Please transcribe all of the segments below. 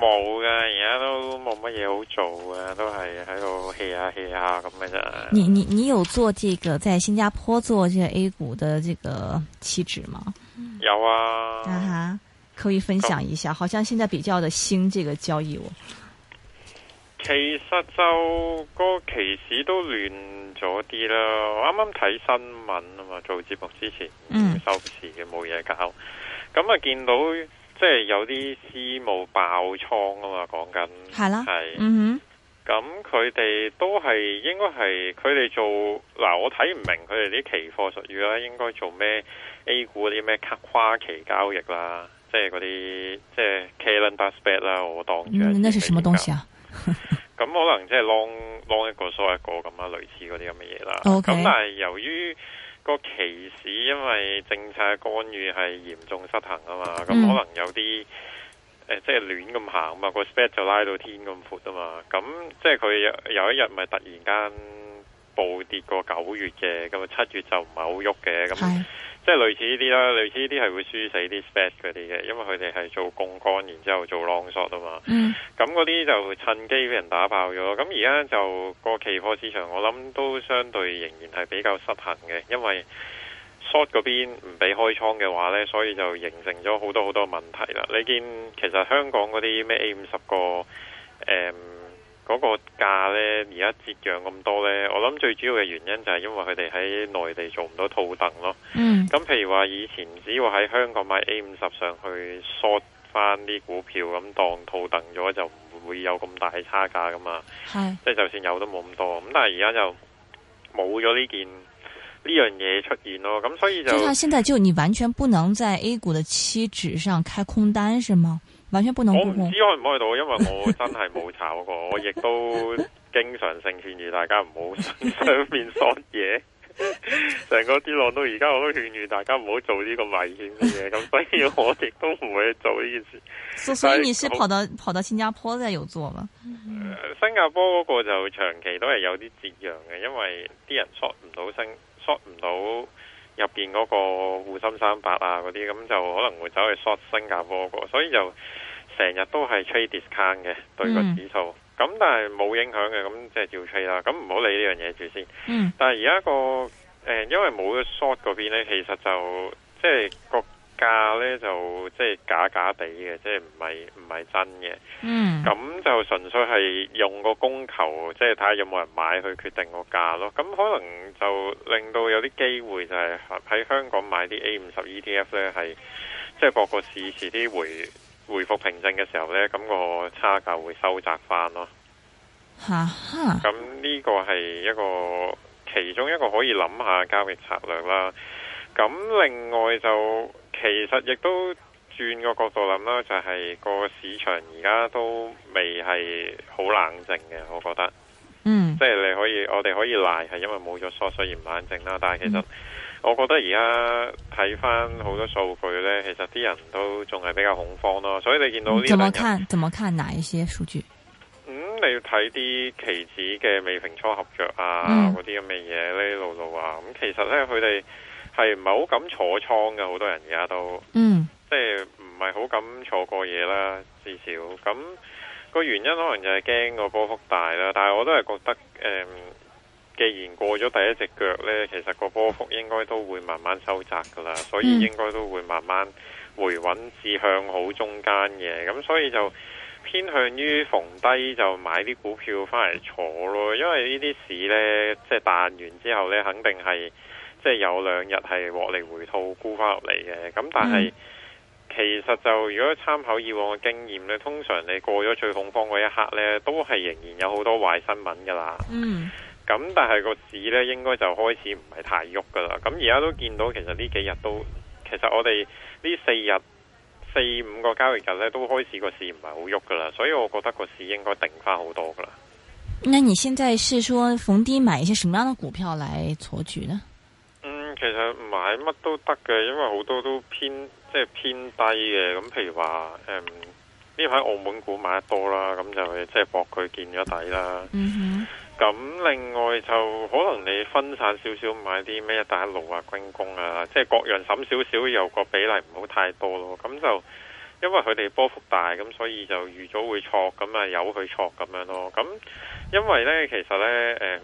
冇㗎，而家都冇乜嘢好做戲啊，戲啊，都係喺度 hea 下 hea 下咁嘅咋。你你你有做這個在新加坡做這個 A 股的這個期指嗎？有啊，啊哈，可以分享一下。嗯、好像現在比較的新這個交易我、哦、其實就個期市都亂咗啲啦。啱啱睇新聞啊嘛，做節目之前，嗯，嗯收市嘅冇嘢搞，咁啊見到。即係有啲私募爆倉啊嘛，講緊係啦，係、 嗯，嗯咁佢哋都係應該係佢哋做嗱、呃，我睇唔明佢哋啲期貨術語啦，應該做咩 A 股啲咩跨期交易啦，即係嗰啲即係 calendar s p e c t 啦，我當住、嗯。那是什麼東西啊？咁、 嗯、可能即係 long long 一個 short 一個咁啊，類似嗰啲咁嘅嘢啦。 OK，咁但係由於。個歧市因為政策干預係嚴重失衡啊嘛，咁、嗯、可能有啲即係亂咁行啊嘛，呃即係走的走的個 spread 就拉到天咁闊啊嘛，咁即係佢有有一日咪突然間。暴跌過九月嘅，咁啊七月就唔係好喐嘅，咁是即係類似呢啲啦，類似呢啲係會輸死啲 spec 嗰啲嘅，因為佢哋係做槓桿，然之後做 long short 啊嘛，咁嗰啲就趁機俾人打爆咗。咁而家就、個期貨市場，我諗都相對仍然係比較失衡嘅，因為 short 嗰邊唔俾開倉嘅話呢，所以就形成咗好多好多問題啦。你見其實香港嗰啲咩 A 五十個、嗯嗰個價呢，而家折讓咁多呢。我諗最主要嘅原因就係因為佢哋喺內地做唔到套戥咯。咁、嗯、譬如話以前只要喺香港買 A 五十上去 short 翻啲股票咁當套戥咗就唔會有咁大差價噶嘛。Hi 即係就算有都冇咁多。咁但係而家就冇咗呢件呢樣嘢出現咯。咁所以就，現在就你完全不能在 A 股嘅期指上開空單，是嗎？萬一搬到我唔知開唔開到，因為我真係冇炒過， 我亦都經常性建議大家唔好上，上面索嘢，成 個跌落到而家我都勸喻大家唔好做呢個危險嘅嘢，咁 所以我亦都唔會做呢件事。所以，是所以你是跑到樣跑到新加坡再有做嗎？呃、新加坡嗰個就長期都係有啲折讓嘅，因為啲人 short 唔到星，short 唔到。入邊嗰個滬深三百啊，嗰啲咁就可能會走去 short 新加坡個，所以就成日都係 trade discount 嘅對個指數，咁、嗯、但係冇影響嘅，咁即係照 trade 啦，咁唔好理呢樣嘢住先。嗯、但係而家個誒、呃，因為冇咗 short 嗰邊咧，其實就即係個。就是價咧就即係假假地嘅，即係唔係唔係真嘅。嗯，咁就純粹係用個供求，即係睇下有冇人買去決定個價咯。咁、嗯、可能就令到有啲機會就係喺香港買啲 A 五十 ETF 咧，係即係個個市市啲回回復平靜嘅時候咧，咁、個差價會收窄翻咯。吓咁呢個係一個其中一個可以諗下交易策略啦。咁、嗯、另外就。其實亦都轉個角度諗啦，就係、是、個市場而家都未係好冷靜嘅，我覺得。嗯。即係你可以，我哋可以賴係因為冇咗縮，所以唔冷靜啦。但係其實我覺得而家睇翻，好多數據呢，其實啲人都仲係比較恐慌咯。所以你見到呢？怎麼看？怎麼看？哪一些數據？嗯、你要睇啲期指嘅未平倉合約啊，嗰啲咁嘅嘢呢，路路啊。咁、嗯、其實呢，佢哋。係唔係好敢坐倉嘅？好多人而家都，嗯、即係唔係好敢坐過嘢啦。至少咁個原因可能就係驚個波幅大啦。但係我都係覺得，誒、嗯，既然過咗第一隻腳呢，其實個波幅應該都會慢慢收窄噶啦，所以應該都會慢慢回穩至向好中間嘅。咁所以就偏向於逢低就買啲股票返嚟坐咯，因為呢啲市呢，即係彈完之後呢，肯定係。即係有兩日係獲利回吐沽翻落嚟嘅，咁但係、嗯、其實就如果參考以往嘅經驗咧，通常你過咗最恐慌嗰一刻咧，都係仍然有好多壞新聞噶啦。嗯，咁但係個市咧，應該就開始唔係太喐噶啦。咁而家都見到，其實呢幾日都，其實我哋呢四日四五個交易日咧，都開始個市唔係好喐噶啦。所以我覺得個市應該定翻好多噶啦。那你現在是說逢低買一些什麼樣的股票來撮舉呢？其實買乜都得嘅，因為好多都偏即係、就是、偏低嘅。咁譬如話，誒呢排澳門股買得多啦，咁就即係搏佢見咗底啦。咁、嗯、哼另外就可能你分散少少買啲咩一帶一路啊、軍工啊，即、就、係、是、各樣審少少，又個比例唔好太多咯。咁就因為佢哋波幅大，咁所以就預早會錯，咁啊由佢錯咁樣咯。咁因為呢，其實呢。誒、嗯、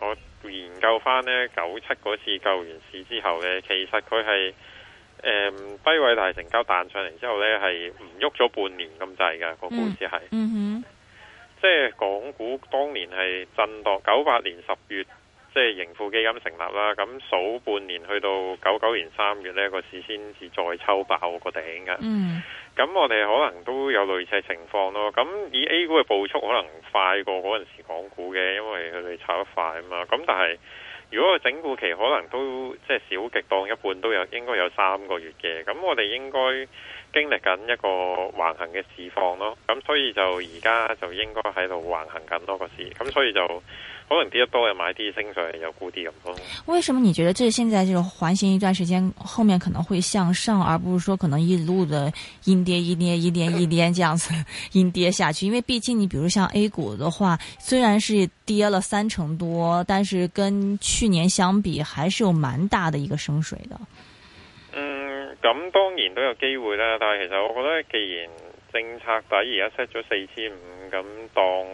我。研究翻呢，九七嗰次救完市之後呢，其實佢係誒，低位大成交彈上嚟之後呢，係唔喐咗半年咁滯㗎，個股市係，嗯嗯、即係港股當年係震盪，九八年十月。即係盈富基金成立啦，咁數半年去到九九年三月呢，個市先至再抽爆個頂㗎。嗯，咁我哋可能都有類似情況咯。咁以 A 股嘅步速，可能快過嗰陣時港股嘅，因為佢哋炒得快啊嘛。咁但係。如果整固期可能都即係小極多，一半都有，應該有三個月嘅。咁我哋應該經歷緊一個橫行嘅市況咯。咁所以就而家就應該喺度橫行緊多個市。咁所以就可能跌得多就買啲升上去，有沽啲咁多。為什麼你覺得即係現在就係橫行一段時間，後面可能會向上，而不是說可能一路的陰跌、一跌、一跌、一跌，這樣子陰 跌下去？因為畢竟你比如像 A 股的話，雖然是跌了三成多，但是跟去年相比，還是有蠻大的一個升水的。嗯，咁當然都有機會啦，但係其實我覺得，既然政策底而家 set 咗四千五，咁當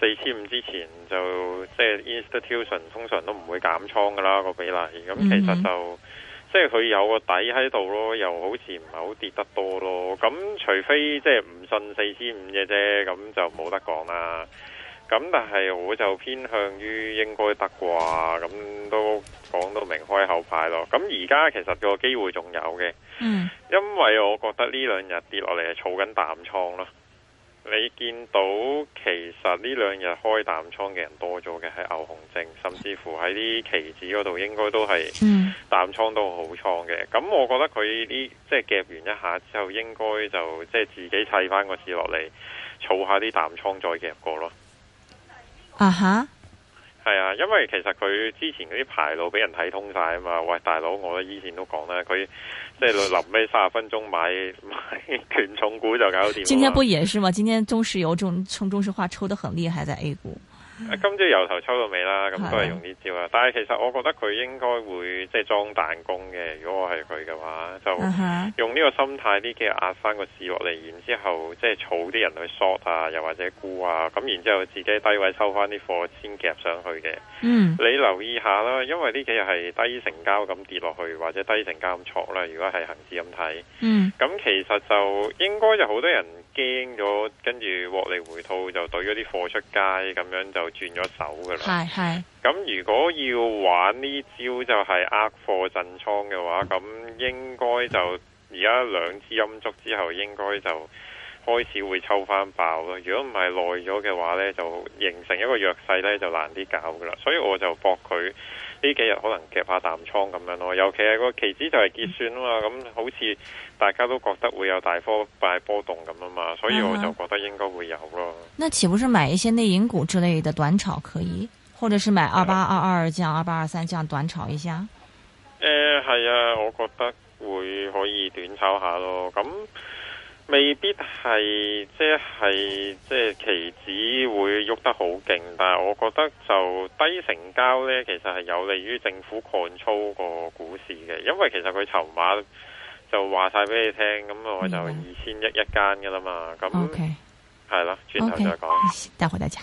四千五之前就即係、就是、institution 通常都唔會減倉噶啦個比例，咁其實就、嗯、哼即係佢有個底喺度咯，又好似唔係好跌得多咯。咁除非即係唔信四千五嘅啫，咁就冇得講啦。咁但係我就偏向於應該得啩，咁都講到明開後派咯。咁而家其實個機會仲有嘅，嗯、因為我覺得呢兩日跌落嚟係儲緊淡倉咯。你見到其實呢兩日開淡倉嘅人多咗嘅，係牛熊證，甚至乎喺啲期指嗰度應該都係淡倉都好倉嘅。咁、嗯、我覺得佢呢即係夾完一下之後，應該就即係自己砌翻個字落嚟，儲下啲淡倉再夾過咯。啊哈！係啊、uh，huh。因為其實佢之前嗰啲牌路俾人睇通晒啊嘛，喂大佬，我以前都講啦，佢即係臨尾三十分鐘買買權重股就搞掂。今天不也是嗎？今天中石油中從中石化抽得很厲害，在 A 股。今朝由頭抽到尾啦，咁都係用呢招啦！ 但係其實我覺得佢應該會即係裝彈弓嘅，如果我係佢嘅話，就用呢個心態呢幾日壓翻個市落嚟，然之後即係儲啲人去 short 啊，又或者沽啊，咁然之後自己低位收翻啲貨先夾上去嘅。嗯，你留意下啦，因為呢幾日係低成交咁跌落去，或者低成交咁挫啦。如果係恒指咁睇，嗯，咁、嗯、其實就應該就好多人。驚咗，跟住獲利回吐就懟咗啲貨出街，咁樣就轉咗手噶啦。係係。咁如果要玩呢招就係呃貨震倉嘅話，咁應該就而家兩支陰燭之後，應該就開始會抽翻爆咯。如果唔係耐咗嘅話呢，就形成一個弱勢呢，就難啲搞噶啦。所以我就搏佢。呢幾日可能夾下淡倉咁樣咯，尤其係個期指就係結算啊嘛，咁、嗯、好似大家都覺得會有大幅大波動咁啊嘛，所以我就覺得應該會有咯。嗯、那豈不是買一些內銀股之類的短炒可以，或者是買二八二二咁、二八二三咁短炒一下？誒、呃，係啊，我覺得會可以短炒下咯，咁、嗯。未必係即係即係期指會喐得好勁，但係我覺得就低成交呢，其實係有利於政府擴粗個股市嘅，因為其實佢籌碼就話晒俾你聽，咁我就二千億一間噶啦嘛，咁係啦，轉頭那 Okay. 再講，多謝、okay. 大家。